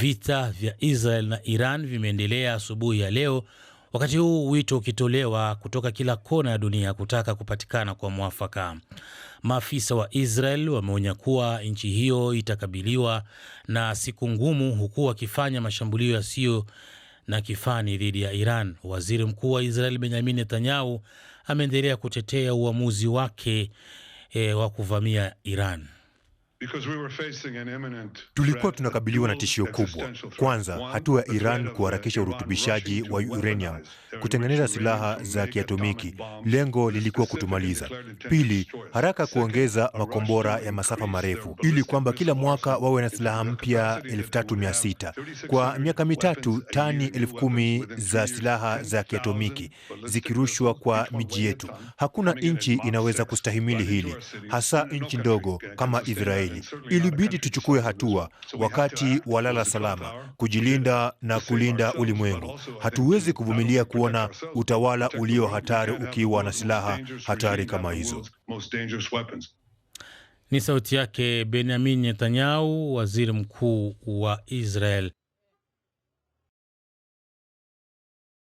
Vita vya Israel na Iran vimeendelea asubuhi ya leo, wakati huu wito ukitolewa kutoka kila kona ya dunia kutaka kupatikana kwa mwafaka. Maafisa wa Israel wameonya kuwa nchi hiyo itakabiliwa na siku ngumu, huku wakifanya mashambulio yasiyo na kifani dhidi ya Iran. Waziri Mkuu wa Israel Benjamin Netanyahu ameendelea kutetea uamuzi wake e, wa kuvamia Iran. Tulikuwa tunakabiliwa na tishio kubwa. Kwanza, hatua ya Iran kuharakisha urutubishaji wa uranium, kutengeneza silaha za kiatomiki, lengo lilikuwa kutumaliza. Pili, haraka kuongeza makombora ya masafa marefu ili kwamba kila mwaka wawe na silaha mpya 3600 kwa miaka mitatu. Tani 10000 za silaha za kiatomiki zikirushwa kwa miji yetu. Hakuna nchi inaweza kustahimili hili, hasa nchi ndogo kama Israeli hili, ilibidi tuchukue hatua wakati walala salama, kujilinda na kulinda ulimwengu. Hatuwezi kuvumilia kuona utawala ulio hatari ukiwa na silaha hatari kama hizo. Ni sauti yake Benyamin Netanyahu, waziri mkuu wa Israel.